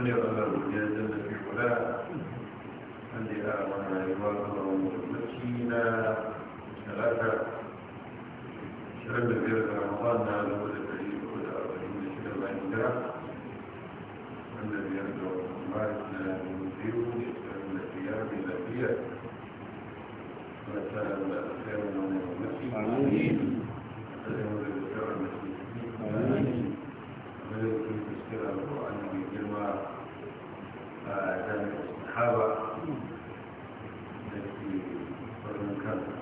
من يرغب الجنة في الولاء الذي آمن عباده ثلاثة شرب في رمضان نال كل كريم كل أربعين شرب عند الذي يرجع مالنا ينذر يسأل الثياب إلى ثياب الخير من المسكين آمين kaba da ke farin kansa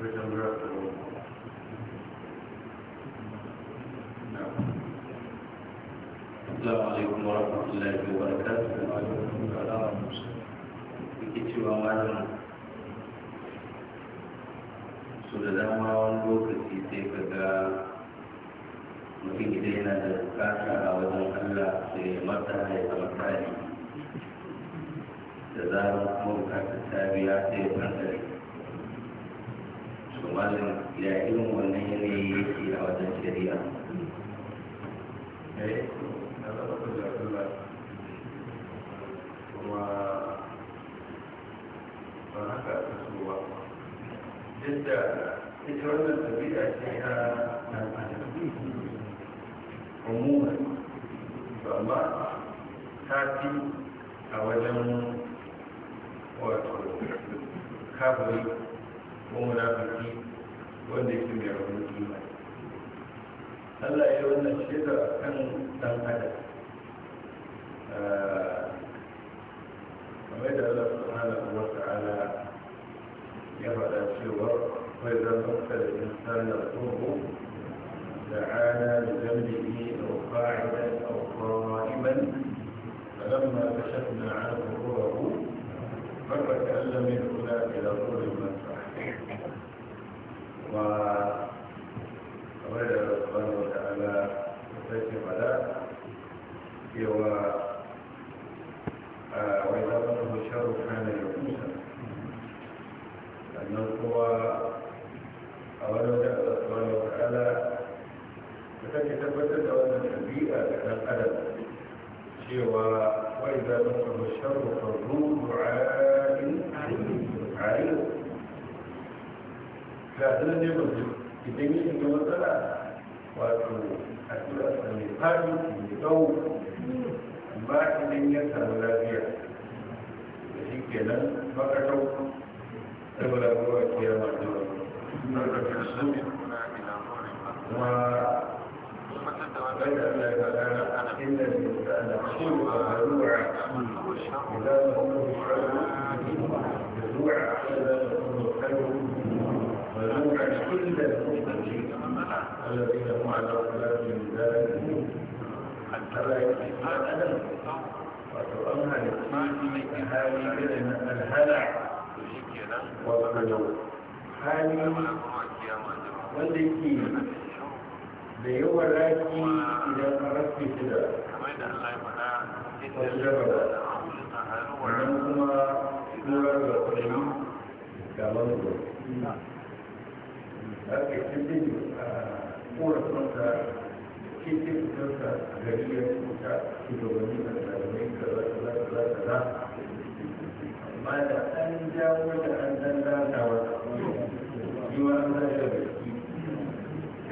wajen rasa السلام عليكم ورحمة الله وبركاته yake cewa malam so da dama wani lokaci sai ka ga mutum idan yana da bukata zarar kuma ta sai ya fantare su malam ya irin wannan yanayi yake a wajen shari'a eh, kuma ba haka ta so ba duk da ita wannan tabi'a ce ta umuman ba ma ta fi a wajen wato kafiri ko munafiki wanda yake mai rauni imani Allah ya wannan shaida a kan dan adam kamar da Allah subhanahu wa ta'ala ya faɗa cewa kai zan maka da insan da tsoro da ana da zambihi au qa'idan au qa'iman فلما كشفنا عنه فتكلم الأولى إلى طول المسرح wanda yake da yawan raki idan an rafi shi da wannan kuma da ga da ke cikin ah, cikin gari ya kuta a da za ta za ta za ta za da an jawo da an dan dantawar yiwuwa an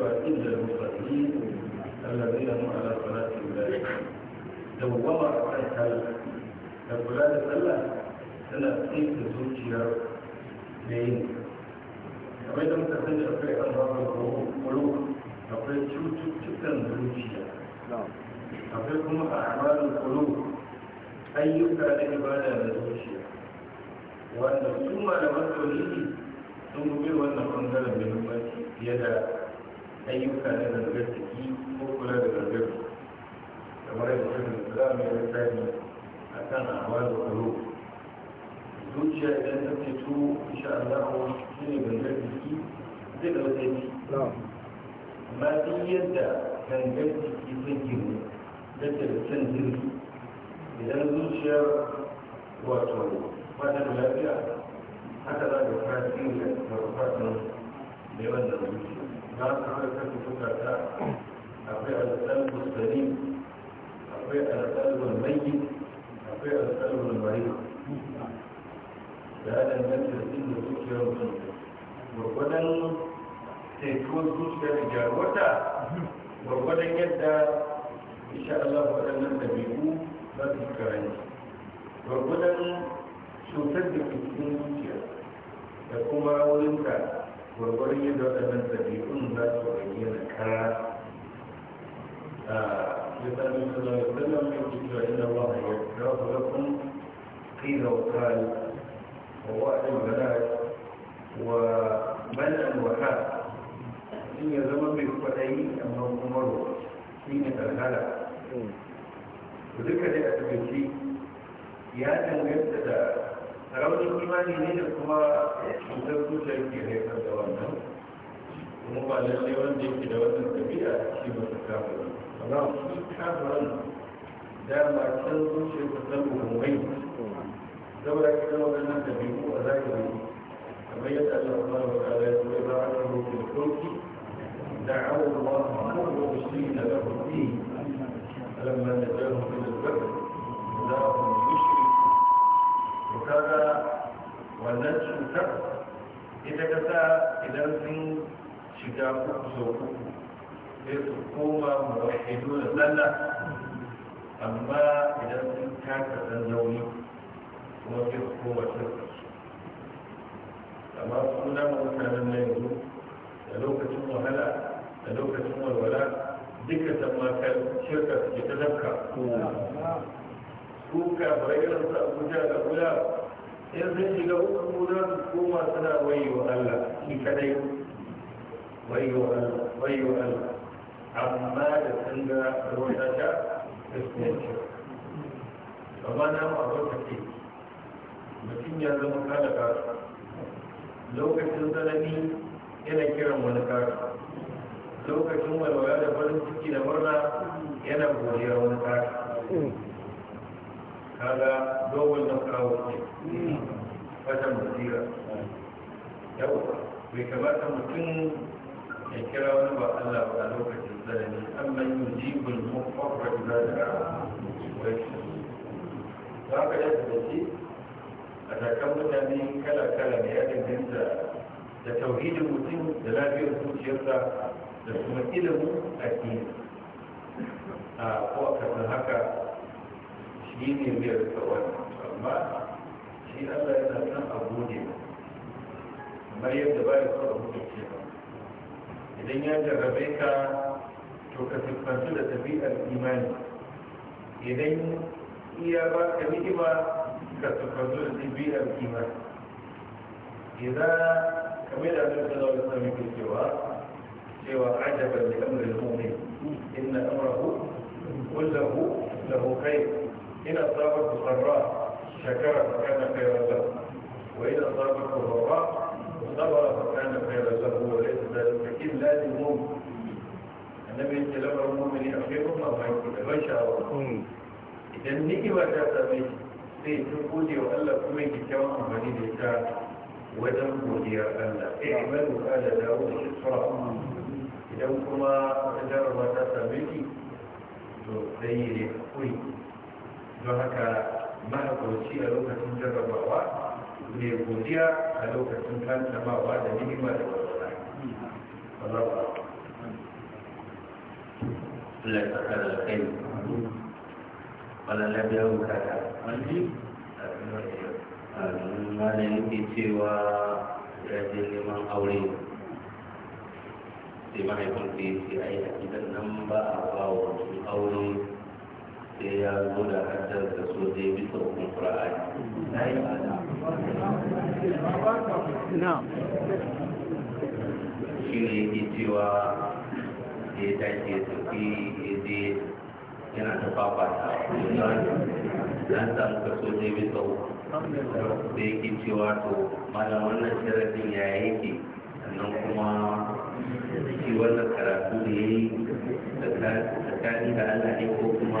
cewa inda musalli allazi na ala salatin da dawwama a kan sallah da kula da sallah tana tsaita zuciyar da yin kamar da muka sani akwai albabar kuro akwai cututtukan zuciya akwai kuma a amalin kuro ayyuka da ibada da zuciya wanda su malaman tauhidi sun gube wannan bangaren muhimmanci fiye da ayyuka na zargar jiki ko kula da zargar kamar yadda shi da za mu yi tsari a kan awa da kuro zuciya idan ta ce to insha Allah shi ne gangar jiki zai da wata yi amma duk yadda gangar jiki sun girma da ke da can jirgi idan zuciya wato fata da lafiya haka za ka fara yin da fara da yawan da zuciya za su rada kan zukata akwai alƙalbul salim akwai alƙalbul mayyit akwai alƙalbul marid ya danganta da inda zuciyar mutum gwargwadon taituwar zuciyar da gyaruwarta gwargwadon yadda insha Allah waɗannan ɗabi'u za su karanci gwargwadon cutar da ke cikin zuciya da kuma wurin ka. gwargwaron yadda waɗannan ɗabi'un za su bayyana kara ya sami sallallahu alaihi wasallam ya ce cewa inna allaha yaghfiru lakum qila wa qala wa wa'ada wa balad wa bal'an wa ha in ya zama mai kwaɗayi amma kuma ruwa shi ne karkara duka dai a tabbaci ya danganta da raunin imani ne da kuma cutar zuciya ke haifar da wannan kuma ba lallai wanda yake da wannan tafiya shi ba su kafa ne amma shi kafaran dama can zuciya ta zama mummai zama da kan wannan tabi'u a zahiri kamar yadda Allah subhanahu wa ta'ala ya ce ba a kan rukun kulki دعوا الله كل مشركين له فيه فلما نجاهم الى البر دعاهم يشركوا وكان wannan cutar ita kasa idan sun shiga uku sau sai su koma mawahido da sallah amma idan sun taka dan zaune kuma sai su koma shirka amma suna mutanen na yanzu da lokacin wahala da lokacin walwala duka makar shirka suke ta dafka ko su kafirai irin sa abuja da wuya in yi shiga uku za su koma suna wayo Allah shi kadai wayo Allah wayo Allah amma da sun ga ruwan tasha da su yanci amma na ma abin take mutum ya zama kala kasa lokacin tsanani yana kiran wani kasa lokacin walwala da farin ciki da murna yana godiya wani kasa هذا دول نقرأ وقيم فتن مديرة يوضع بكما تمكن يكرا ونبع الله وعلوك الزلمي أما يجيب المضطر إذا دعاه ذاك يثبت أتكم متاني كلا كلا بياد الجنس لتوحيد المسلم للافية الزوجية لسمة إلمه أكيد ko a kasar haka shi ne mai rika amma shi allah yana son abu ne kamar yadda ba ya so a hukunce ba idan ya jarrabe ka to ka siffantu da tafi'ar imani idan iya ba ka ni'ima ka siffantu da tafi'ar imani idan kamar da abin sallallahu alaihi wasallam yake cewa cewa ajaban li amri al inna amrahu kullahu lahu khair ina sabar da sarra shakara ta kana kairar lahu wa ina sabar da sarra sabara ta kana kairar lahu wa laisa da fakin lalin mu annabi yake lamar mumini a kai kuma mai da ban sha'awa idan ni'ima ta same sai ya gode Allah kuma yake kyawun amfani da ita wajen ya da dawo da idan kuma ta to sai don haka ma'aikoci a lokacin jarrabawa mai godiya a lokacin tantamawa da ni'ima da walwala aure sai mahaifin da ya ce a gidan nan ba a ba wa aure sai ya zo da hantar da so zai bisa hukun ƙura'ani shi ne yake cewa da ya dace ya tafi ya je yana ta ta zan samu kaso zai bisa hukun da yake cewa to malam wannan sharafin ya yake sannan kuma shi wannan karatu da ya yi tsakani da Allah ne ko kuma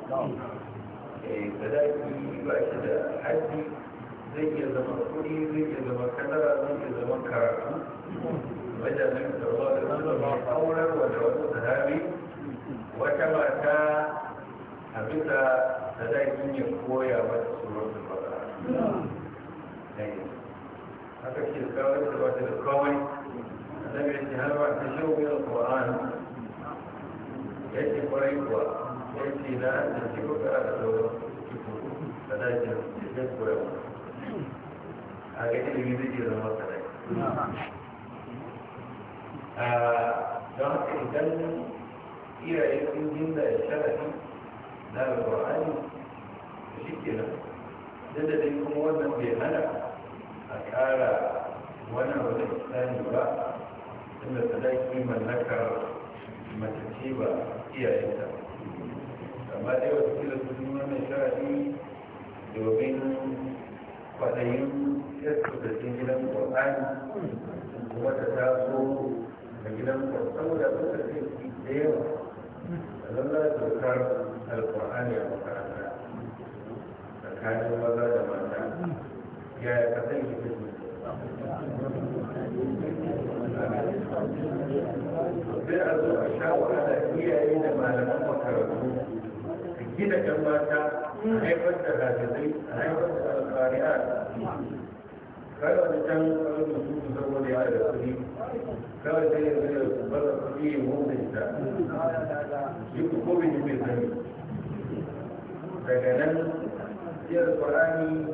Eh, sadaki ba shi da haji zai iya zama kuri zai iya da wata mata a bisa sadakin da eh, kawai ta yanki na da ke kuka aka zaura cikin sadakin da ke koya a ga ilimi zai iya zama sadaki a don haka idan iyaye sun jinda ya sharafi na alƙur'ani da shi ke nan duk da dai kuma wannan bai hana a ƙara wani abu da isani ba tunda sadaki mallakar mace ce ba iyayenta amma dai wata kila sun wannan sharaɗi domin kwaɗayin yasu da cikin gidan ƙwarƙani kuma ta taso da gidan ƙwarƙan da suka ce da yawa da lalla dokar alƙwarƙani a makaranta tsakanin maza da mata ya yi kasan yi sai a zo a sha wahala iyaye da malaman makarantu gina ɗan mata haifar da hajjazai haifar da alfariya kawai da can kawai da su saboda ya da kuɗi kawai sai ya zai su bada kuɗi ya mota ita yi ku ko bin yi sani daga nan siyar ƙwarani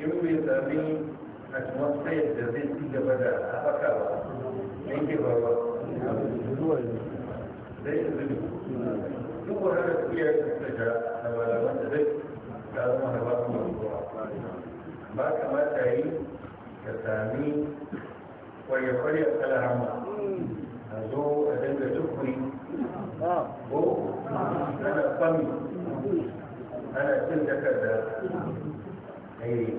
in bai sami atmosphere da zai ci gaba da haɓaka ba yanke ba ba sai ya zai duk wani da su iya tattaka da malaman da zai ta zama da basu masu zuwa ba kamata yi ka sami kwaye-kwaye a kalahama a zo a dinga tukuri ko ana fami ana cin takarda eh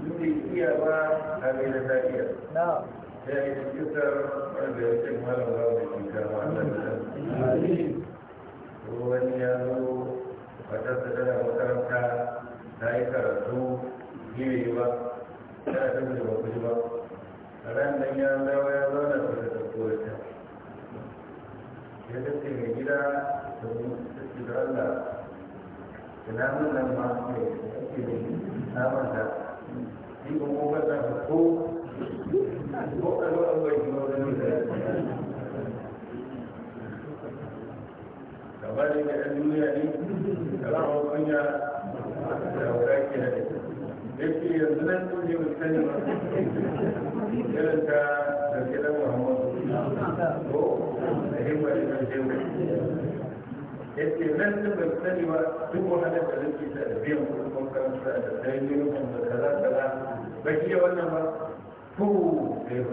duk da iya ba a mai da zariya ya yi kisar wanda ya ce malam ba mai kama a ko wani ya zo wata sadara makaranta ta yi karatu gini ba ta yi da ba kuji ba a ran nan ya zawo ya zauna su da tafiya ya tafi mai gida da mutu da Allah ina mun nan ma mai ake mai namanta shi kuma ba ta ko duniya ne kana wa kunya da wadaki da yake yanzu nan sun yi mutane ba irin ta zargidan muhammadu ko da himma da kan jewa yake nan sun bai sani ba duk wahalar da nake da biyan kuɗin makaranta da ɗan yi da kaza kaza ba shi wannan ba ko da ya ba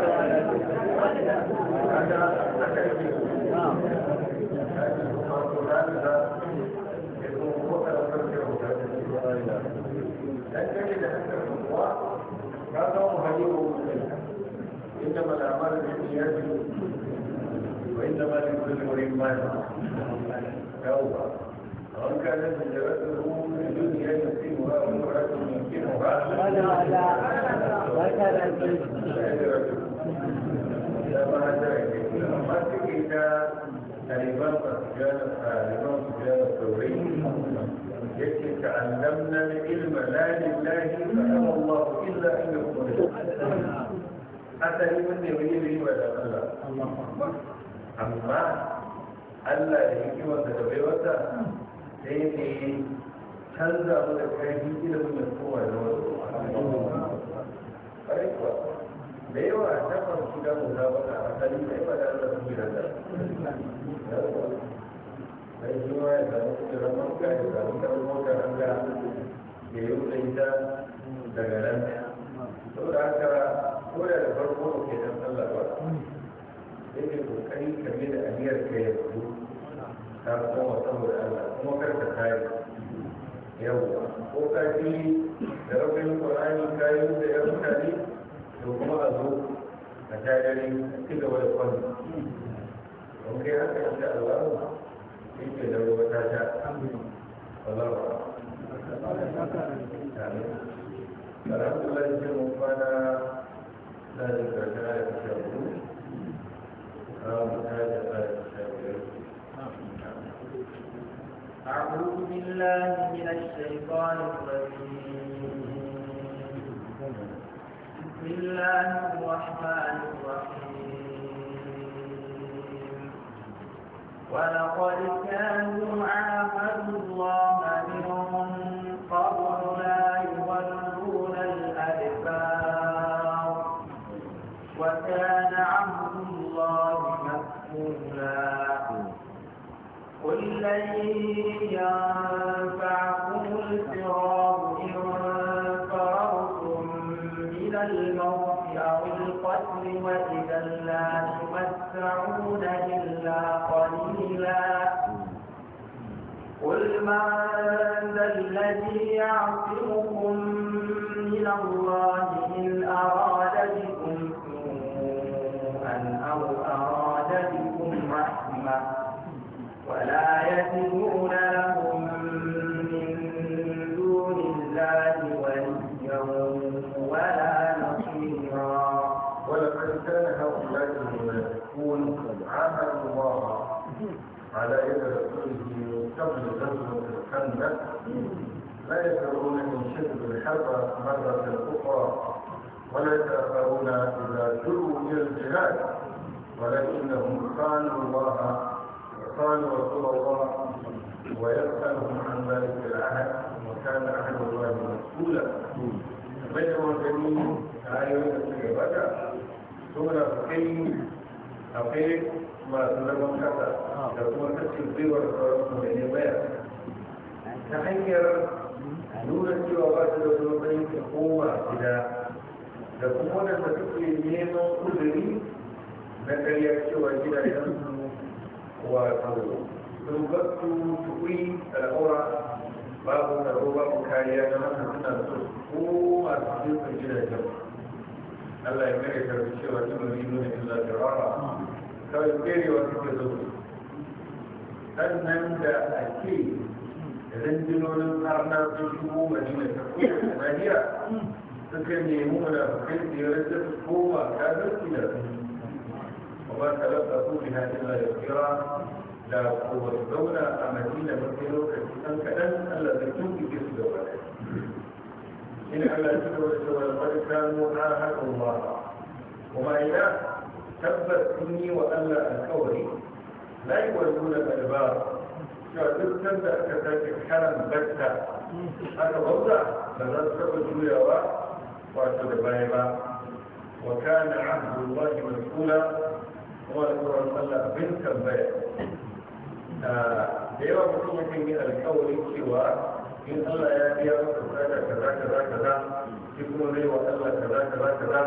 a Thank you. إلى ما جاءت الأمة إلى الإمام سفيان الإمام سفيان الثوري تعلمنا العلم لا لله فأبى الله إلا أن يكون حتى لمن يغيره ولا الله أما Allah da hikimar da bai wata sai ne canza mu da kai ilimin da kowa da da yawa ta faru shiga mu za baka asali da yawa da Allah su gidan da sai shi ma ya samu kujera mafka da samu karin mota an ga ya yi wuta ita daga nan saboda haka ko da farko ba ke dan Allah ba sai ke kokari ka bi da aniyar ka ya fito ta koma saboda Allah kuma kar ka tayi yau ko ka ji da rabin Qur'ani kayi da yan mutane to kuma a zo a tare a ci gaba da kwanu don kai haka in sha Allah shi ke da ruwa ta sha Allah ba alhamdulillah shi mun fara na da karshen ayat sha biyu أعوذ بالله من الشيطان الرجيم بسم الله الرحمن الرحيم ولقد كانوا عاهدوا الله من قبل لا يولون الأدبار وكان عهد الله مكفولا قل لن ينفعكم الفرار الموت أو القتل وإذا لا تمتعون إلا قليلا قل من ذا الذي يعصمكم من الله إن أراد بكم سوءا أو أراد بكم رحمة ولا يزنون لا يذكرون من شد الحرب مرة أخرى ولا يتأخرون إذا جروا إلى الجهاد ولكنهم خانوا الله وخانوا رسول الله ويسألهم عن ذلك العهد وكان عهد الله مسؤولا بدر الجميل آية في بدر سورة فقيه أقيل ما سلمهم كذا يكون تسلسل ورسول الله ta hanyar nuna cewa ba su da wani ta koma gida da kuma wadanda suke neman uzuri na karya cewa gidajensu wato sun gasu tukuri al'aura babu tsaro babu kariya na haka suna so ko masu jirgin gidajen Allah ya mere karfi cewa ta mai nuna illa da rara kawai kerewa suke zo sannan da ake da rundunonin harnar sun shigo madina ta kuma nahiya suka nemi munafukai da ya rasa su koma ta zarki da su amma talaka su bi na illa da kira da kowa zauna a madina mafi lokaci ɗan kaɗan allah zai tuntuke su da wani إن على تدرس والقد كانوا عاهدوا الله وما إذا تبت مني وألا الكوري لا يولون الأدبار cewa duk can da aka sake karan zakka aka bauta da za su taɓa juyawa wato da baya ba wa kana abdullahi mas'ula kuma da tsoron allah bin tambaya ah, da yawa mutum yakan yi alkawarin cewa in allah ya biya masa kaza kaza kaza kaza shi kuma zai wa allah kaza kaza kaza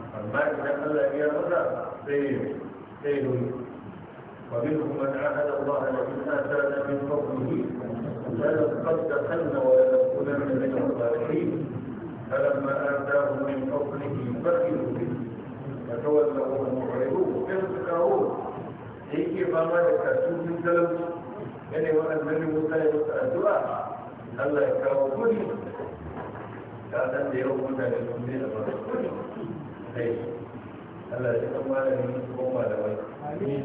amma idan allah ya biya masa sai sai nuni ومنهم من عاهد الله ومما اتانا من فضله لنصدقن ولنكونن من الصالحين فلما آتاه من فضله فرحوا به فتولوا وهم معرضون يرجعون هيك ما ملكت من سلم يعني وأنني مسلمة الدعاء Allah ya kawo kuri ta san da yau mutane sun zai da masu kuri sai Allah ya san malami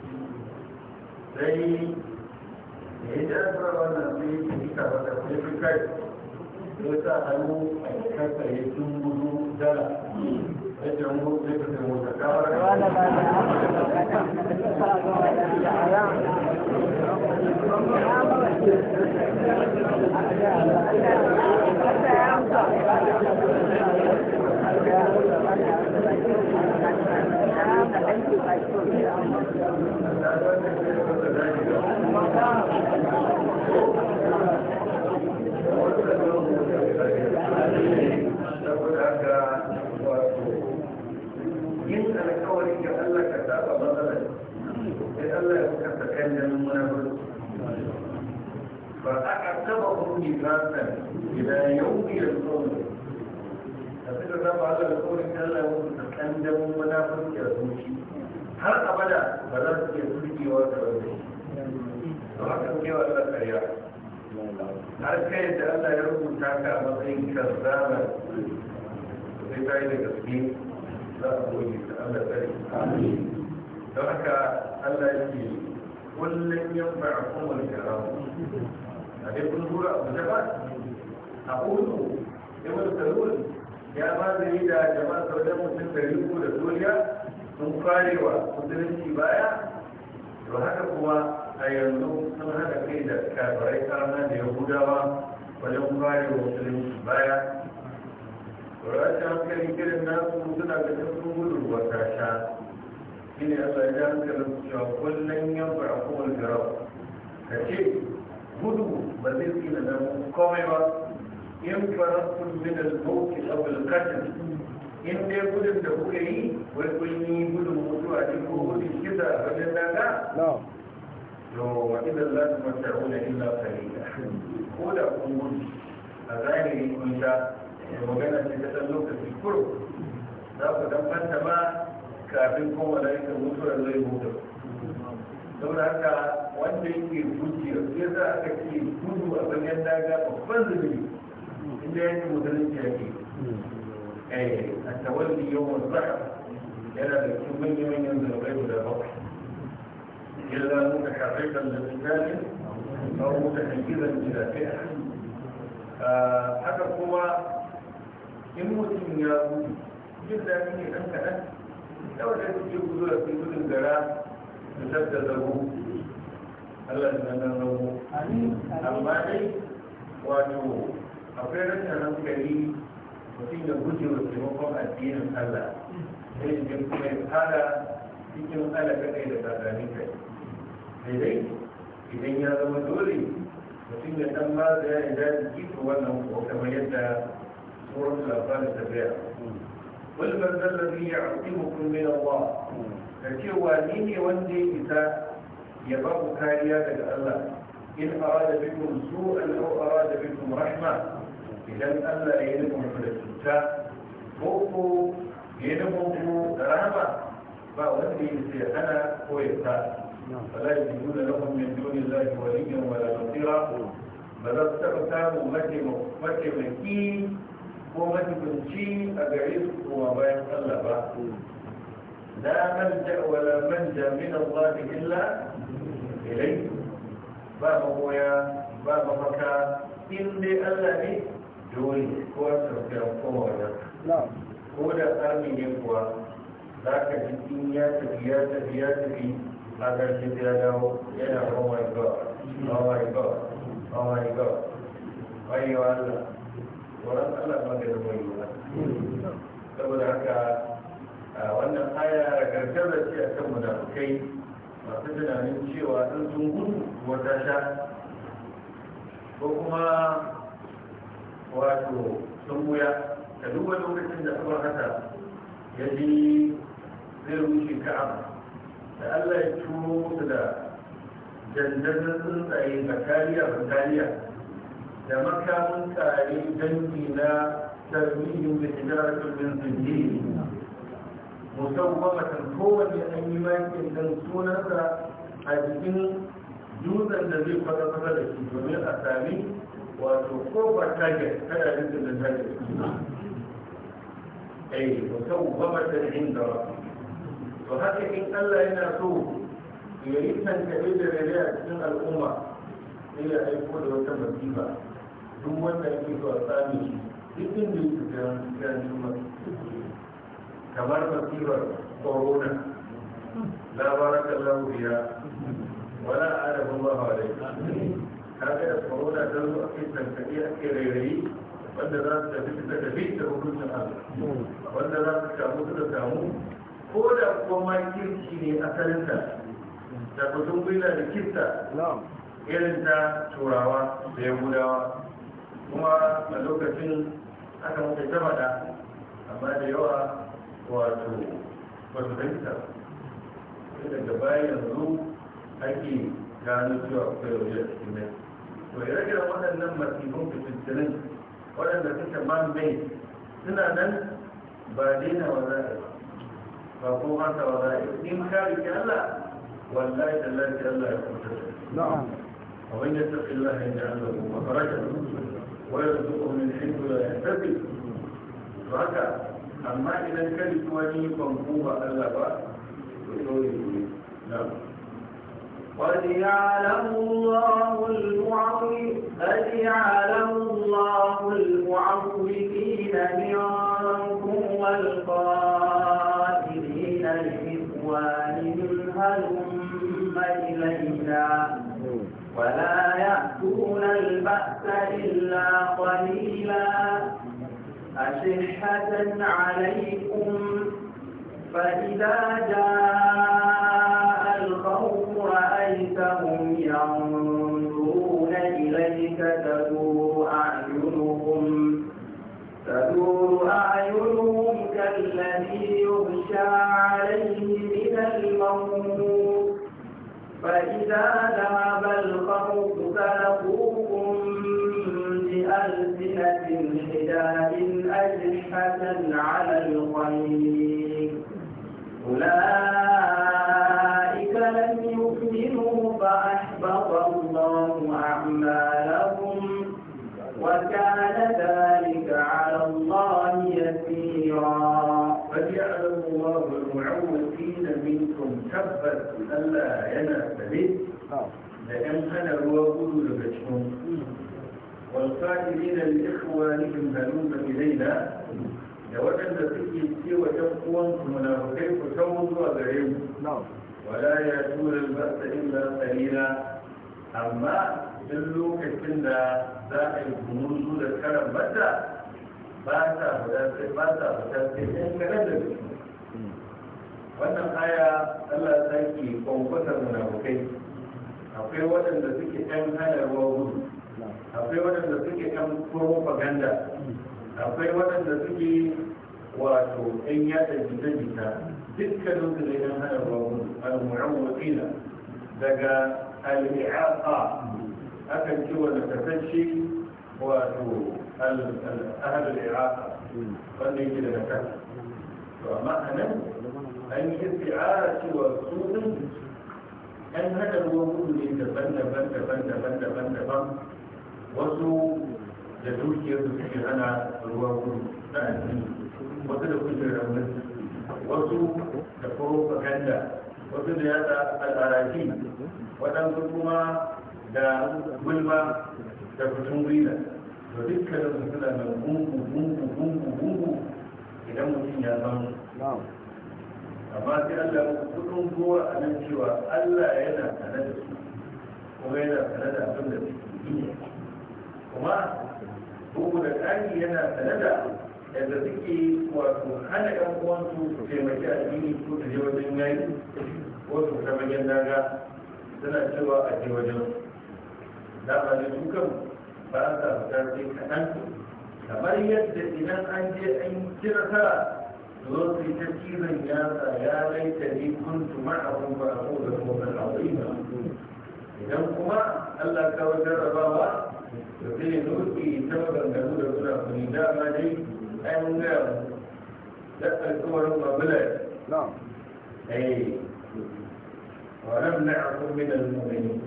sai ne ya jarfa wannan sai ya yi karfa da kuma fi kai ya sa hannu a kasa ya sun gudu dala ya ce zai ka mota kamar saboda haka wato yin alkawari ga Allah ka saba matsala sai Allah ya kuka sakan da muna ba a kasaba kuma zasa ila yau biyar tsoro a suka saba Allah alkawari ga Allah ya kuka sakan da muna burki a zuci har abada ba za su iya turkewa da wani ba haka kewa Allah karya har kai da Allah ya rubuta ka a matsayin kazzaba sai ta yi da gaske za a goge ta Allah tsari don haka Allah ya ce kullum yan ba'akun wani karamu a dai kun zura abu da ba a kudu ya wani salon ya ba da yi da jama'a sauran mutum da riko da duniya sun kwarewa musulunci baya to haka kuma a yanzu sun hada kai da kafirai karnar da yahudawa wajen bari wa musulunci baya rashin hankali kirin nasu suna da sun gudu wata sha shi ne allah ya hankalin cewa kullum yanzu a kowane garau ka ce gudu ba zai tsina da komai ba in farakun min al-mawqi aw al-qatl in dai gudun da kuka yi wai kun yi gudun mutuwa cikin gudun kisa wajen daga وإذا لا تمتعون إلا قليلا ولا قنبل أذاني كنت وقنا تتسلوك في الكرب ذاك دمت ما kafin kowane yankin mutuwar zai mutu don haka wanda yake gujiya sai za a kake gudu a bayan daga babban zubi inda yake mutunci yake eh, a tawalli yawan zaka yana da cikin manyan manyan zurbai guda إلا متحركا لقتال أو متحيزا إلى فئة haka kuma in mutum ya gudu jin daɗi ne ɗan kaɗan da wanda suke gudu da su gudun gara da sadda zago Allah da nan zago amma dai wato akwai rashin hankali mutum ya guje wa taimakon addinin Allah sai da kuma ya fara cikin alaƙa kai da tsakanin kai mai zai idan ya zama dole mutum ya san ma da ya da jiki wannan ko kamar yadda tsoron labarin ta biya wal man zallabi ya'timukum min Allah da cewa ni ne wanda ya isa ya ba ku kariya daga Allah in arada bikum su'an aw arada bikum rahma idan Allah ya yi muku da cuta ko ko ya yi muku rahama ba wanda ya isa ya hana ko ya sa نعم. فلا يجدون لهم من دون الله وليا ولا نصيرا بل سبتان ومتي مكي مكي ومتي مكي أبعيد وما يتطلب لا ملجأ ولا منجا من الله إلا إليه باب هو باب فاهم فكا إن دي ألاني جوي كواسا في القوة نعم هو ده أرمي يقوى ذاك الدنيا تبيا تبيا تبيا haka shi ya dawo yana oh my god oh my god oh my god bayyana Allah wurin Allah maganin bayyana saboda haka wannan aya ragargar da ce a kan munafukai masu tunanin cewa sun sun gudu wata sha ko kuma wato sun wuya ka duba lokacin da abu haka ya ji zai rushe ka'aba da Allah ya turo musu da dandazon tsuntsaye bakariya bakariya da makamin tsare dangi na tarbiyyun da hijiratun min zinjiri musawwamatan kowane an yi makin dan sunansa a jikin dutsen da zai fata fata da shi domin a sami wato ko ba target kada rikin da target ai musawwamatan inda to haka in Allah yana so ya yi tankaɗe da rere a cikin al'umma sai ya aiko da wata masifa duk wanda yake so a sami shi duk inda yake ganin ganin masu kamar masifar corona la barakallahu biya wala adabu Allah alaihi kaga da corona don zuwa kai cikin tankaɗe a cikin rairayi wanda za su tafi su tafi da hukuncin Allah wanda za su kamu su da kamu ko da kuma kirki ne asalinta da kusan gwila da kista irin ta turawa da yahudawa kuma a lokacin aka muka ta faɗa amma da yawa wato wasu su fahimta daga bayan yanzu ake gano cewa yau da cikin mai to ire da waɗannan masifin fitattunin waɗanda suka man bai suna nan ba daina wa za a yi فوقها سوداء اثنين خالك ألا والله تلاك ألا يكون نعم ومن يتق الله يجعل له مخرجا ويرزقه من حيث لا يحتسب ركع أما إذا كان سواني فانقوها ألا بأس ويقول نعم قد يعلم الله المعوي قد يعلم الله المعوقين منكم والقائل ولا يأتون البأس إلا قليلا أشحة عليكم فإذا جاء الخوف رأيتهم ينظرون إليك تدور أعينهم تدور أعينهم كالذي يغشى عليه من الموت فإذا ذهب الخوف سلقوكم بألسنة حداد أجنحة على الخير أولئك لم يؤمنوا فأحبط الله أعمالهم وكان ذلك الله المعوذين منكم تبت الا ينفلت آه. لان انا الواقود لبجحون والقائلين لاخوانهم هلوم الينا لوجد في فيه سوى تقوى منافقين فتوضوا بهم ولا ياتون البأس الا قليلا اما جلو كسنا ذاك الجنود ذكر متى باتا هدى باتا هدى ان كان wannan aya Allah ya sake kwankwatar munafukai akwai waɗanda suke ɗan hana ruwa gudu akwai waɗanda suke ɗan propaganda akwai waɗanda suke wato ɗan yada jita-jita dukkanin su ne ɗan hana ruwa gudu al-mu'awwaqina daga al-i'aqa akan ce wanda tafashe wato al-ahlul i'aqa wanda yake daga kan to amma anan an yi isti'ara cewa su din an hada ruwan gudu ne daban daban daban daban daban daban wasu da dukiyar su suke hana ruwan gudu na addini wasu da kujerar mulki wasu da propaganda wasu da yada al'araki waɗansu kuma da gulma da fitin gwina da dukkanin suna da gungu gungu gungu gungu idan mutum ya san amma sai allah ya kudin gowa a nan cewa allah yana tare da su kuma yana tare da abin da suke yi kuma bugu da ƙari yana tare da yadda suke wato hana ɗan uwansu su taimaki addini ko su je wajen yayi ko su ta magen daga suna cewa a je wajen ba da su kan ba sa fitar sai kaɗan kamar yadda idan an je an kira tara رب تسليما يا يا ليتني كنت معهم فاقول لهم عظيما اذا كما الا كوجر بابا يقول نوتي سببا نقول كنا لا ما دي نعم لا الكور مبلغ نعم اي ونمنعكم من المؤمنين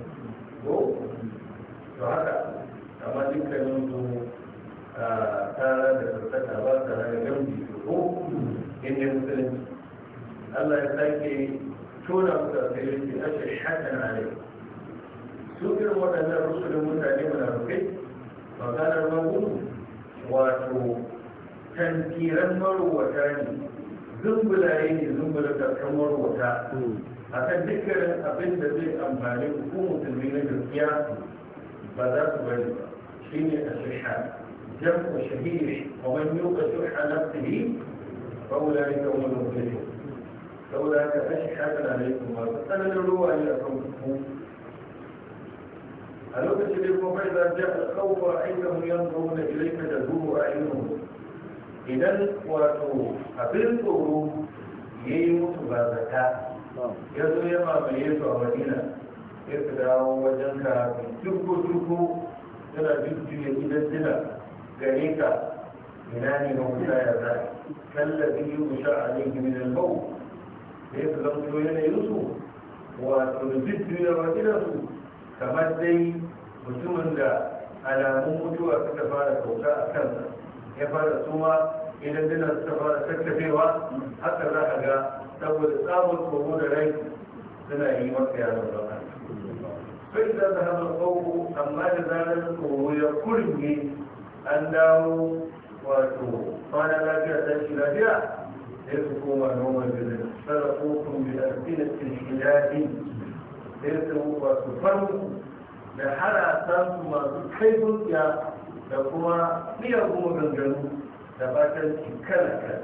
وهذا كما ذكرت تارة تتكلم تارة جنبي inda musulunci Allah ya sake tona musu a sai yake na shahatan su irin waɗannan rusulun mutane rufe? munafukai maganar magunu wato tantiran marowata ne zumbulaye ne zumbula karkan marowata a kan dukkanin abin da zai amfani ku musulmi na gaskiya ba za su bari ba shi ne a shahan jam'u shahiri wa man yuka shuha nafsihi فأولئك هم المفلحون فأولئك أشحة عليكم وأنا للروح أن أكون a lokacin da kuma fa'iza ja alƙawwa ainihin yanzu na ilaika da zuwa ainihin idan wato abin tsoro ya yi ba zata ya zo ya mamaye su a madina ya dawo wajen ka jirgo jirgo tana jirgin ya gidan jina gare ka ne إناني موتاي ذاك كالذي يغشى عليه من الموت ليس su wato يوسف وتنزد يا رجله kamar dai mutumin da alamun mutuwa suka fara kauta a kansa ya fara suma idan dina suka fara tattafewa haka za a ga saboda samun tsoro da rai suna yi masa yaro ba sai da ta haɗa tsawo amma da zarar tsoro ya kurge an dawo wato kwana lafiya ɗan shi lafiya sai su koma noman birnin sarrafofin bi alfinatin shilafin sai su wato farko da harasan su masu kai zuciya da kuma kuma ganganu da fatan kala-kala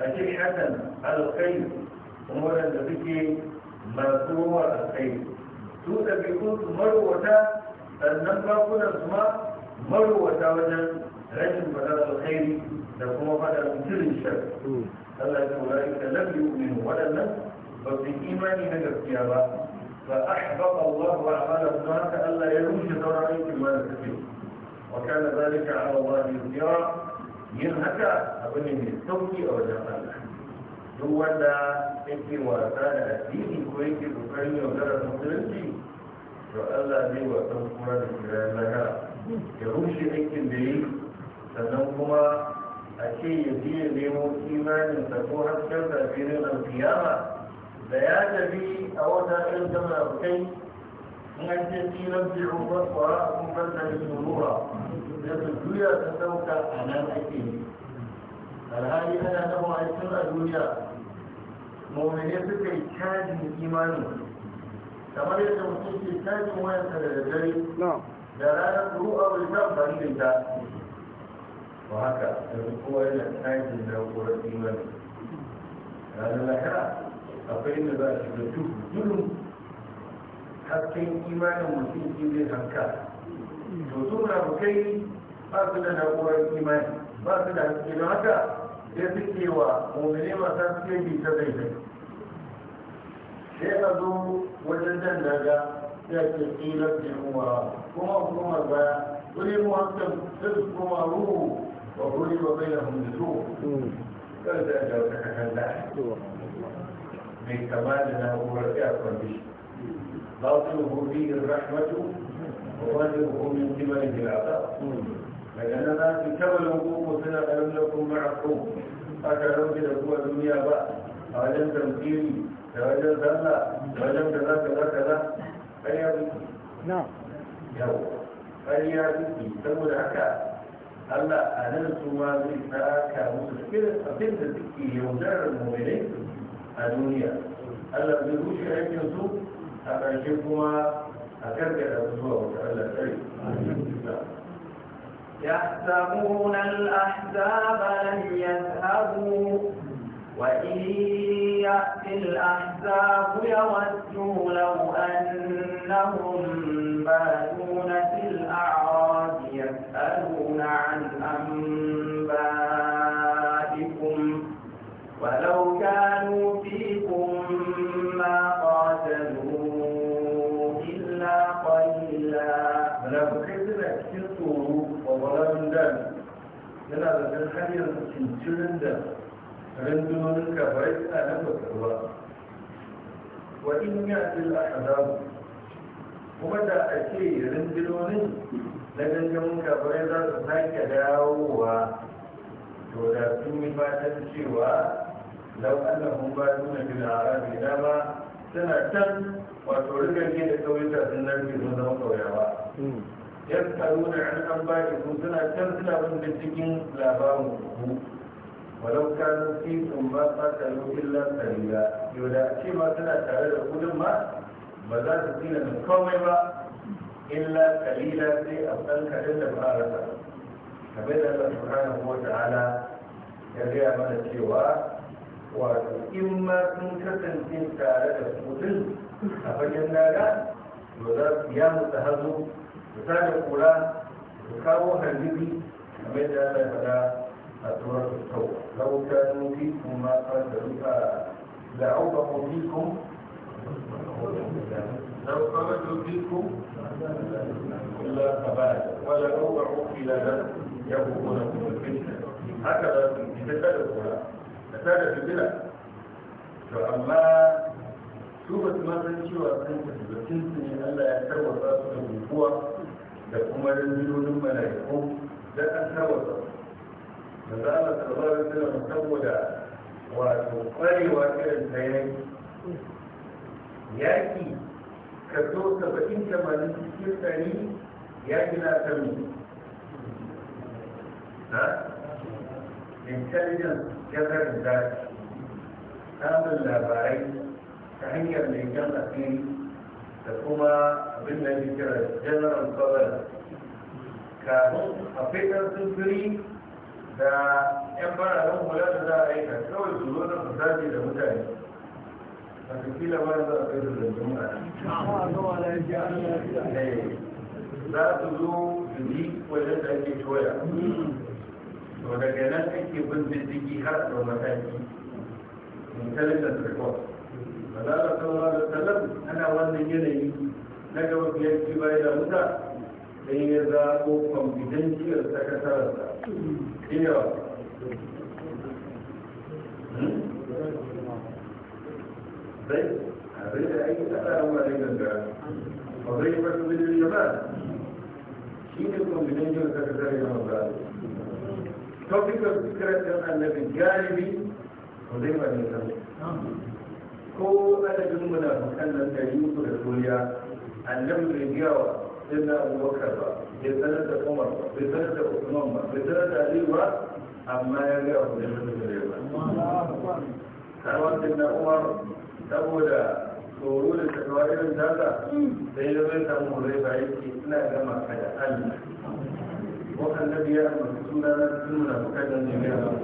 a ce hakan alkai kuma waɗanda suke masu ruwa alkai su ɗabi'un su marwata sannan bakunan su ma marwata wajen rashin fadar alkhairi da kuma fadar mutumin shar hmm. Allah ya kula da lam yu'minu wadannan ba su imani na gaskiya ba fa ahbaba Allah wa amalahu haka Allah ya rushe sauran aikin ma da suke wa kana zalika ala Allah yusira yin haka abu ne mai sauki a wajen Allah duk wanda yake wasa da addini ko yake kokarin yaudarar musulunci to Allah zai wasan kura da kirayen lahara ya rushe aikin da yi sannan kuma a ce ya fi ya nemo imanin da ko hasken sa na alkiyama da ya tafi a wata irin ta munafukai in an ce tsirar jiru kwara a kun fanta da surura da su juya ta sauka a nan ake ne. alhali ana taɓa aikin a duniya mawane suka yi cajin imanin kamar yadda mutum ke cajin wayansa da dare. da ranar ruwa wajen san bari ba haka yanzu kowa yana tajin na wurin imani ranar lahira akwai inda za a shiga duhu duhu hasken imanin mutum shi zai hanka to su munafukai ba su da na'urar imani ba su da haske don haka sai suke wa mummune masu haske bi ta zai zai sai a zo wajen jan daga ya ce tsirar da umara kuma kuma baya wani mu hakan sai su koma ruhu وضرب بينهم نزول فلذا لو تتكلم من كمالنا ومرجع كونديشن باطله فيه الرحمة وظاهره من قبله العذاب لأننا في كمل حقوق سنة ألم لكم مع حقوق أكرم بلكم الدنيا بقى أعلم تمثيلي تواجه ذلة وأعلم كذا كذا كذا أي نعم يوم أي عزيزي تقول هكذا Allah a nan su ma zai saka musu da irin abin da suke yaudarar mummunai a duniya Allah zai rushe aikin su a ƙarshe kuma a gargada su zuwa wata Allah tsari يحسبون الأحزاب لم يذهبوا وإن يأتي الأحزاب يودوا لو أنهم بادون في الأعراب يسألون عن أنبائكم ولو كانوا فيكم ما قاتلوا إلا قليلا ولو كذبت كثروا وظلم دم yana da ɗan hanyar cincirin da rundunonin kafirai suna nan ba su ruwa wa in ya fil ahzab kuma da a ce rundunonin na gangamin kafirai za su sake dawowa to da sun yi fatan cewa lau annahum ba nuna bil arabi dama suna can wato rigarge da kauyuka sun narke sun zama kauyawa hmm. yadda nuna an an ba suna can suna bin cikin labarin ku walau kanu fikum ma qatalu illa qalila ma suna tare da kudin ma ba za su tsina da komai ba illa qalila sai a san kadan da ba rasa kamar da Allah subhanahu ya gaya mana cewa wato in kasance tare da kudin a fagen daga to za su ya mutu hazo su tada kura su kawo hannubi kamar da Allah ya a tsoron tauba لو كانوا فيكم ما قدروا لعوضوا فيكم لو قمتوا فيكم إلا خبال ولا أوضعوا في لذا يبقونكم الفتنة هكذا يتدرك ولا أتدرك بلا فأما شوفة ما تنشي وأتنك بسنسني ألا يتروى الرأس من قوة لكم الانجلون من يقوم لا أتروى الرأس da za a tsarbar suna saboda wato kwarewa irin ta yaki yaki kaso saba'in tamanin cikin ɗari yaki na sami na intelligence gathering da samun labarai ta hanyar mai jan asiri da kuma abin da ya kira general governance kafin a fitar sufuri da yan fararen kula da za a yi ta kawai su zo na su zafi da mutane a kila labarin za a kai da zancen mutane eh, za su zo su yi wajen da ake coya to daga nan ake bin diddigi har da mataki intelligence report ba za a sauwa da salam ana wannan yanayi na gaba biyar ki bayan da mutane sai ya zaɓo confidential sakatararsa iya zai a zai da aiki ta tsara wani gangara ba zai ba su zai da ba shi ne confidential sakatararsa ya maza topical secret ɗin annabin galibi ba zai ba ne ko adadin munafukan nan da yi su da duniya annabi bai biya wa سيدنا أبو بكر bai sanar da Umar ba bai sanar da Usman ba bai sanar da Ali ba amma ya ga abu da ya ba karwan din na Umar saboda tsoro da takawa irin daga sai ya zai samu hulai ba yake ina gama ka da Allah wakan na biya a masu suna na cikin munafukan nan ne ya zama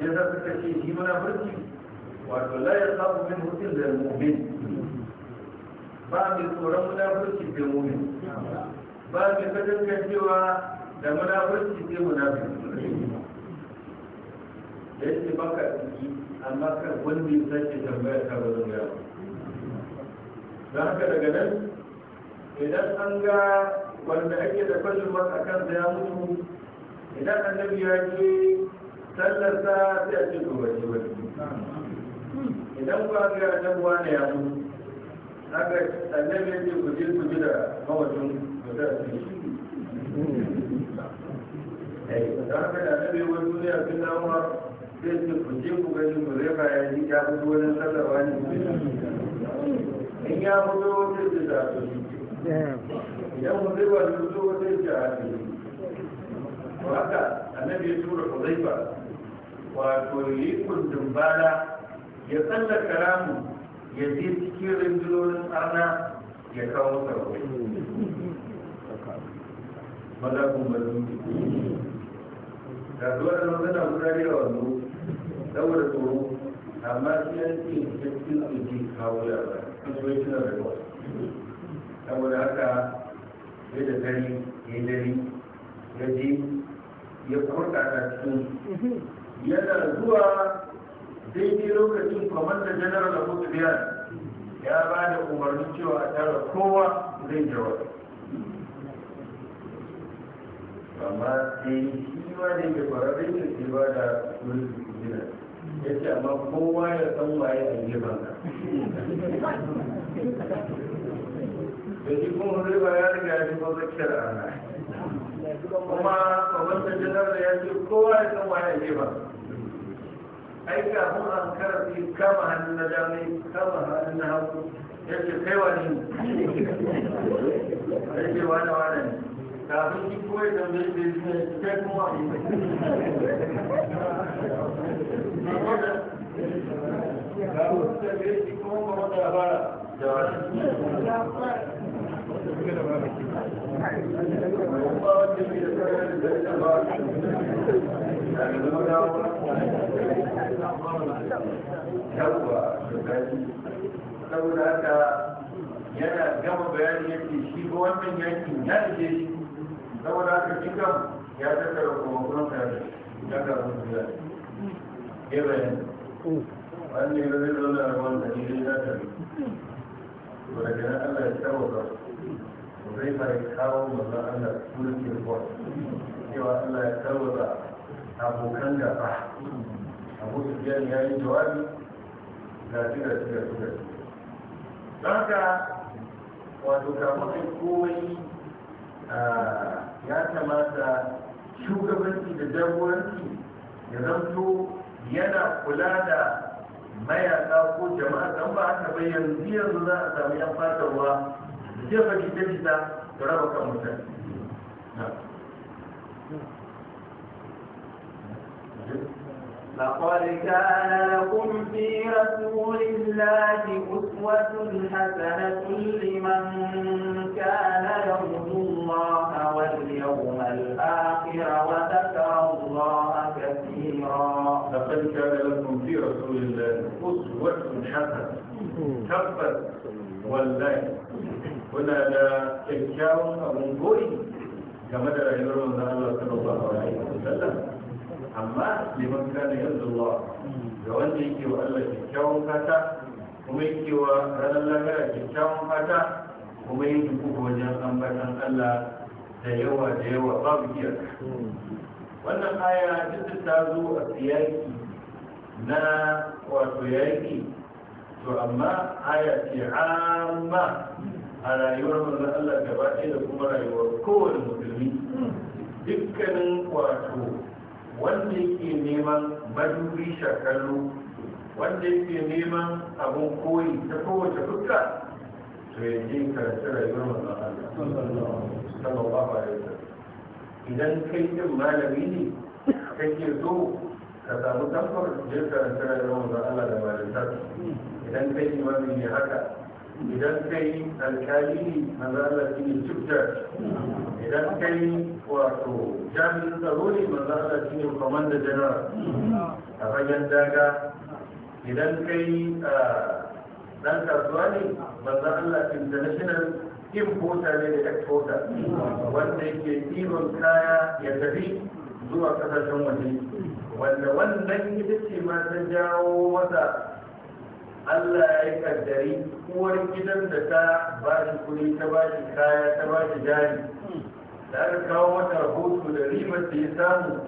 ya za su kashe shi munafurci wato la ya samu min hutun da mu'min ba mai tsoron munafurci sai mumin ba mai kadangancewa da munafurci ke munafurci da yake baka ciki amma kan wanda ya sake tambaya ta ba zan gaya daga nan idan an ga wanda ake da kwallon masa kan ya mutu idan annabi ya ce sallarsa sai a ce gobe wani idan ba ga nan ne ya mutu haka annabi ya ce ku je ku ji da mawacin ku da su eh, da haka da annabi wani duniya sun damuwa zai ce ku je ku gani ku zai baya ji ya fito wani sallarwa ne in ya fito zai ta da su idan mu zai ba su zo zai ce a su haka annabi ya tura ku zai ba wato yi kundin bala ya tsallaka ramu ya je cikin rundunonin arna ya kawo sarwai maza kun bazu ga zuwa da magana guda da wanzu saboda tsoro amma shi an ce cikin tsirgin kawo yara kuma shi na rayuwa saboda haka ya da ya dare ya je ya kurta ta cikin yana zuwa daidai lokacin kwamanda general abu biyan ya ba da umarnin cewa a tara kowa zai jawabi amma sai shi ma da yake kwararre ne ke ba da wani gina ya ce amma kowa ya san waye a gefen ka da shi kuma ba ya riga ya shigo zakiyar ana kuma kwamanda general ya ce kowa ya san waye a gefen ai kafin an karfi kama hannun na dami kama hannun na hagu yadda kai wani wani kafin shi kuma ya kai kuma yi shi kuma kuma da wani yawwa shugari saboda haka yana gama bayani yake shi ba wannan yankin ya ije shi saboda haka shi ya tattara kuma kuma tare da kafin zuwa ya bayan wannan yanzu zai zama da wanda ne zai ta to daga nan Allah ya tsawaka to zai fara kawo manzon Allah sunan kirkon cewa Allah ya ba abokan gaba abu sufiyan ya yi jawabi ga tira tira tira don haka wato kafin komai ya kamata shugabanci da jagoranci ya zanto yana kula da mayaka ko jama'a don ba aka bayyana yanzu za a sami yan fatarwa da jefa gida-gida da raba kan mutane Thank you. لقد كان لكم في رسول الله أسوة حسنة لمن كان يرجو الله واليوم الآخر وذكر الله كثيرا لقد كان لكم في رسول الله أسوة حسنة كفت والله هنا لا تكاون أبو غوري كما ترى يقولون الله صلى الله عليه وسلم amma liman kana yanzullah ga wanda yake wa Allah kyakkyawan fata kuma yake wa ranar lahira kyakkyawan fata kuma yin kuka wajen ambatan Allah da yawa da yawa babu iyaka wannan aya duk ta zo a siyaki na wato yaki to amma aya ce amma a rayuwar manzon Allah gaba ɗaya da kuma rayuwar kowane musulmi dukkanin wato wanda yake neman madubi shakallu wanda yake neman abin koyi ta kowace dukka to ya je karatu rayuwar manzon Allah sallallahu alaihi wasallam idan kai din malami ne kake so ka samu tamfar jirgin karanci rayuwar manzon Allah da malintar idan kai imami ne haka idan kai alkali maza ne idan kai wato jami'in tsaro ne manzala shi ne commander a fagen daga idan kai dan kasuwa ne manzan Allah international importer ne da exporter wanda yake ɗiban kaya ya tafi zuwa kasashen waje wanda wannan ita ce ma ta jawo wata Allah ya yi kaddari uwar gidan da ta ba shi kuɗi ta ba shi kaya ta ba shi jari da aka kawo mata rahoto da ribar da ya samu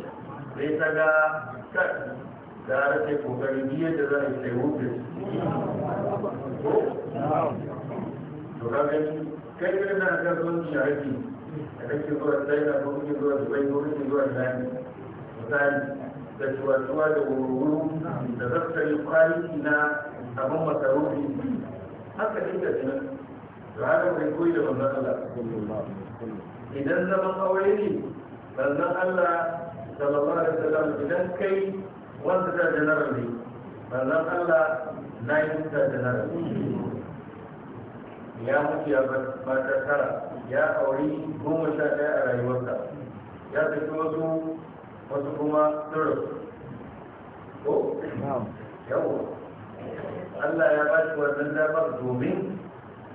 sai ta ga kan da aka ce kokarin biye da za a yi sai wuce to ka gani kai ne na kan sun ci aiki da kake zuwa china ko kake zuwa dubai ko kake zuwa nani misali da ciwatuwa da wuri-wuri, da zaftari kwaliki na kamar masarufi haka duk da nan da haka kai koyi da wannan Allah idan zaman aure ne manzon Allah sallallahu alaihi wasallam idan kai wanda da general ne manzon Allah na yi da general ya mutu ya mata tara ya auri goma sha ɗaya a rayuwarsa ya tafi wasu wasu kuma tsoro ko yawa Allah ya ba shi wannan damar domin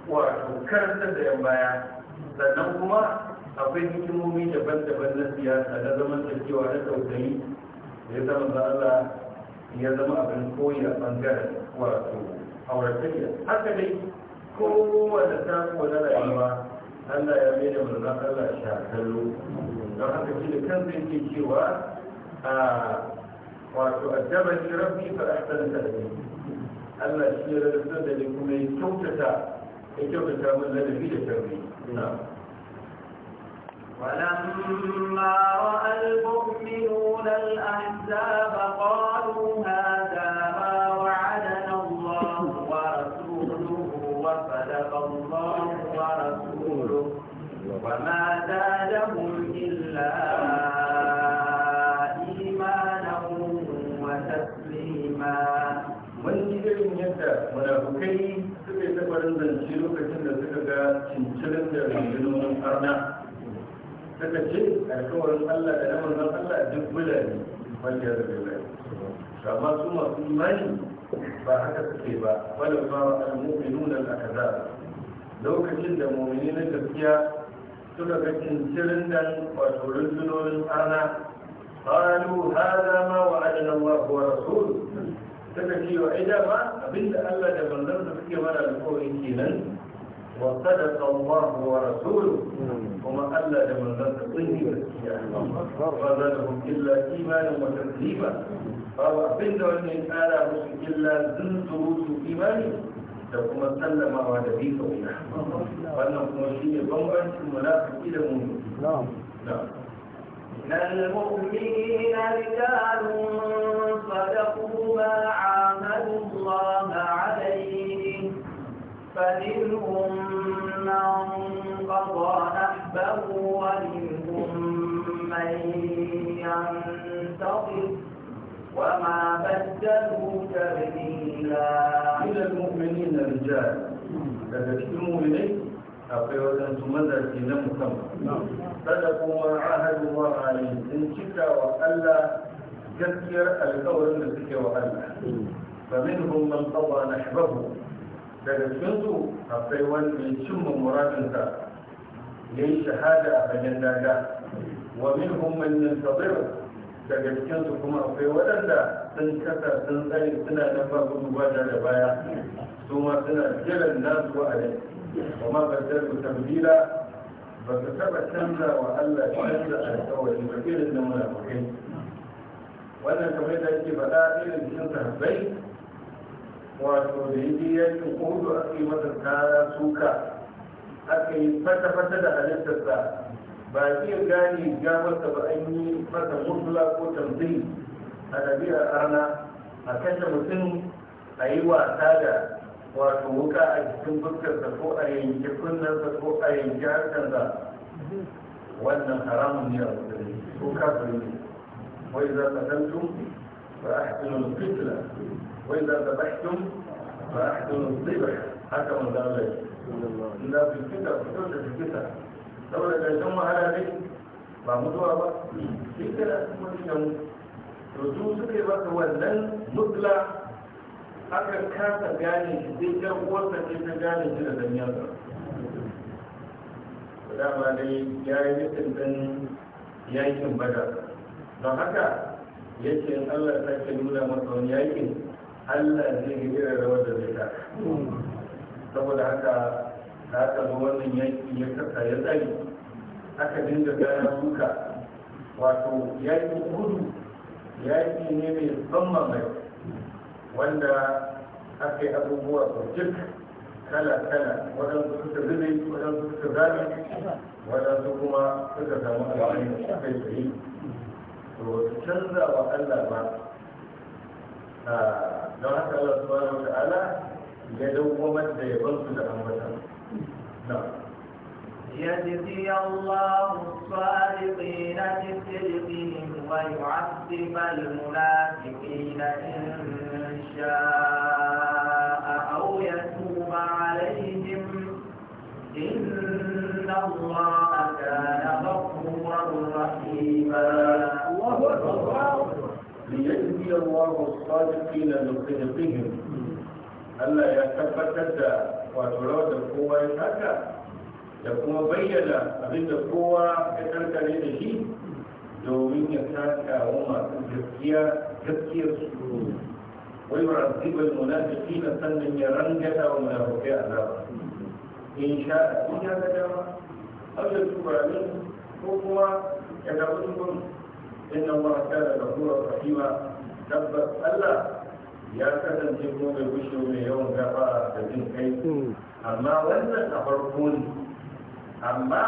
wato karanta da yan baya sannan kuma akwai hikimomi daban-daban na siyasa na zaman tafiyawa na tausayi da ya zama za Allah ya zama abin koyi a bangaren wato auratayya haka dai kowane sako na rayuwa Allah ya mai da manzan Allah sha shakallo don haka shi da kansa yake cewa a ah, wato addabar shi rabbi fa ahsana tadbir Allah shi ya rarrafa da ne kuma ya kyautata ya kyautata min ladabi da tarbi ولما رأى المؤمنون الأحزاب قالوا هذا ما وعدنا الله ورسوله وصدق الله ورسوله وما ƙarshe alkawarin Allah da na manzon Allah duk bula ne wanda ya rabe bai amma su masu imani ba haka suke ba wala ba al-mu'minun al-akazar lokacin da mu'mini na gaskiya suka ga cincirin dan wato rundunonin ana قالوا هذا ما وعدنا الله ورسوله suka ce wa ida ma abinda Allah da manzon da suke mana alƙawarin kenan وصدق الله ورسوله وما ألا لمن ذات طيب فزادهم إلا إيمانا وتسليما فهو أبدا وأن آلا إلا زنتروس إيماني da kuma sallamawa da bi kauna wannan kuma shi ne bambancin munafiki da mu من المؤمنين رجال صدقوا ما عاهدوا الله عليه فمنهم من قضى نحبه ومنهم من ينتظر وما بدلوا تبديلا من المؤمنين الرجال لقد اجتموا اليك أقول لك أنتم ماذا في نمكم؟ نعم. صدقوا ما عاهدوا الله عليه إن شكا وألا تذكر القول أن شكا وألا فمنهم من قضى نحبه daga cikinsu akwai wani ya cimma muradinsa ya yi shahada a bayan daga wa min hummin yantazir daga cikinsu kuma akwai waɗanda sun kasa sun tsaye suna nan ba gudu ba da baya su ma suna jiran nasu wa'adin kuma ba su tambila ba su taɓa canza wa Allah da alƙawari ba irin na kai wannan kamar da yake faɗa irin cikin sahabbai wato da yi ya yi kudu a ke masa kara suka aka yi fata-fata da halittarsa ba iya gane gamarsa ba an yi masa mutula ko tambayi a ɗabi'ar arna a kashe mutum a yi wasa da wato wuka a cikin fuskarsa ko a yanki kunnarsa ko a yanki harkarsa wannan haramun ne a musulmi ko kafin ne wai za ka san tun ba a wani fitila وإذا ذبحتم فأحسنوا الذبح haka manzo Allah ya in za su fita fito da su fita saboda ƙarshen wahala ne ba mutuwa ba shi kana kuma cikin to su suka yi maka wannan mutla aka kasa gane da dai ya yi nufin ɗin yakin bada don haka yake Allah ta ke nuna masa wani yakin Allah zai yi irin rawar da zai taka saboda haka da aka zo wannan yanki ya kasa ya tsari aka dinga gana duka wato yaƙi gudu yaƙi ne mai ban mamaye wanda aka yi abubuwa sosai kala-kala waɗansu suka zube waɗansu suka zame waɗansu kuma suka samu da kai tsaye to canza wa Allah ba don haka Allah subhanahu wa ta'ala ya dawwamar da yabansu da يجزي الله الصادقين بصدقهم ويعذب المنافقين إن شاء أو يتوب عليهم إن الله إلا الله الصادقين لخلقهم ألا يعتقد هذا وأتولوا القوة هكا لكم بيّن أبيت القوة بكرك لنهي لو من يتاكا هما جبكيا جبكيا سكرون ويعذب المنافقين سنن يرنجتا وما أبوكي أعذاب إن شاء الدنيا تجمع أو يتوب عليهم هو هو إن الله كان غفورا رحيما tabbas Allah ya kasance ko mai gushe mai yawan gaba da jin kai hmm. amma wannan a farko ne amma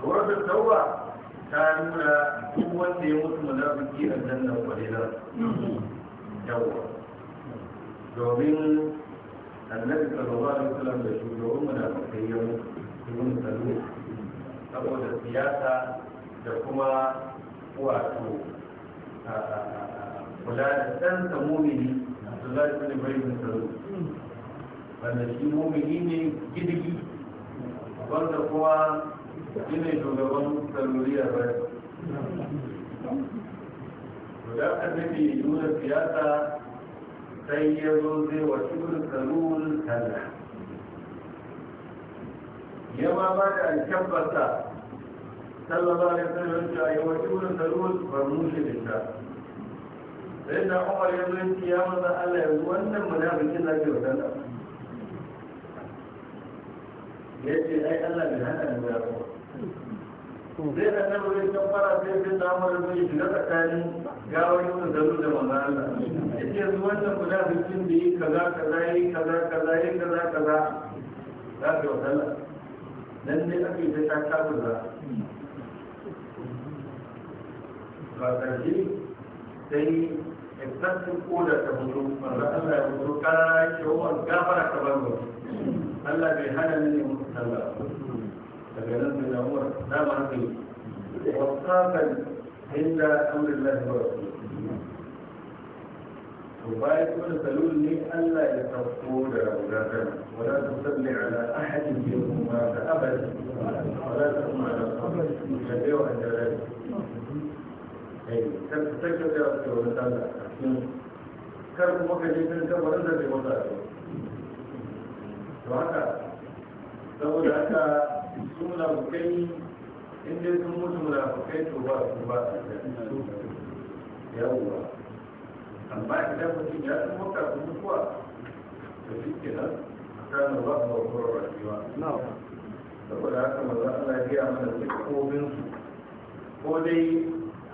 suratul tauba ta nuna duk wanda ya mutu munafiki a nan nan kwalilan yawa domin annabi sallallahu alaihi wasallam da shugaban munafikai ya mutu ibn salul saboda siyasa da kuma wato kula da ɗansa mumini Abdullahi bin bai da Salul wanda shi mumini ne gidigi wanda kuma shi ne shugaban saluriya ba guda annabi nuna siyasa sai ya zo zai wa ibn salul sallah ya ma ba da alkabbarsa sallallahu alaihi wasallam ya yi wa ibn salul farmushi da sai da umar ya zo ya maza Allah yanzu wannan mu na bikin ke wadanda ya ce ai Allah bai hana ni ba zai da nan wurin kafara sai sai da umar ya zo shiga tsakanin gawar yin zalu da manzo Allah ya ce yanzu wannan mu na bikin da yi kaza kaza yi kaza kaza yi kaza kaza za ka wadanda Nan ne ake ta ta kasu za ba ƙarshe sai exactin koda ta fito wanda Allah ya fito karara yake wa gafara Allah bai hana ni ne mutu daga nan da damuwar dama haka ne wasaqan inda amrullahi wa rasulihi to bayan kuma da salul ne Allah ya tafko da wadatar wala tusalli ala ahadin minhum ma ta abada wala tumma ala qabri da yau a jarabi. kar ka sake da ke wani sallah kar kuma ka je kan kabarin da bai masa to haka saboda haka su munafukai in dai sun mutu munafukai to ba su ba a yawwa amma idan mutum ya san maka su mutuwa to shi a kan ba ba kuma rayuwa saboda haka maza ya mana su ko dai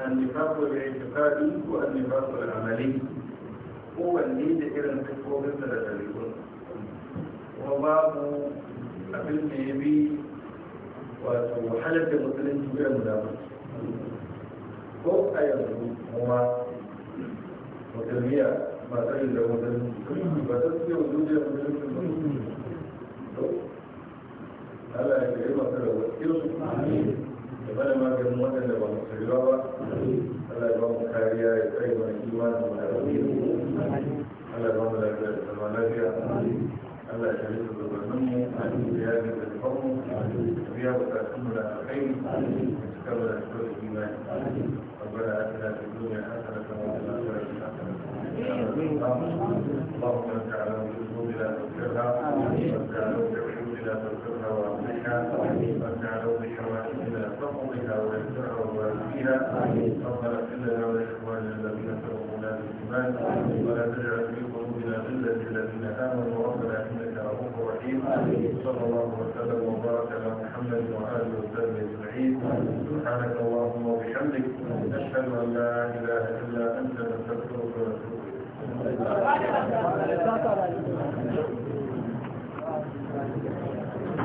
النفاق الاعتقادي والنفاق العملي هو اللي يجي الى الكفر مثل ذلك وباب ابي النبي وحلف المسلمين بلا منافس هو ايضا هما وتنمية ما تجد له وتنمية وجود المسلمين ألا يجب أن تلوث كيف سبحانه mana maganin waɗanda ba mu karewa ba Allah ya ba mu kariya ya kai mana imanin mu da rabi Allah ya ba mu lafiya da zama lafiya Allah ya shirya shugabannin mu ya yi da zafafmu biya bukatun mu da alkhairi da cika mu da shigar da imani ربنا آتنا في الدنيا حسنة وفي الآخرة حسنة اللهم انت على وجود لا تغفرها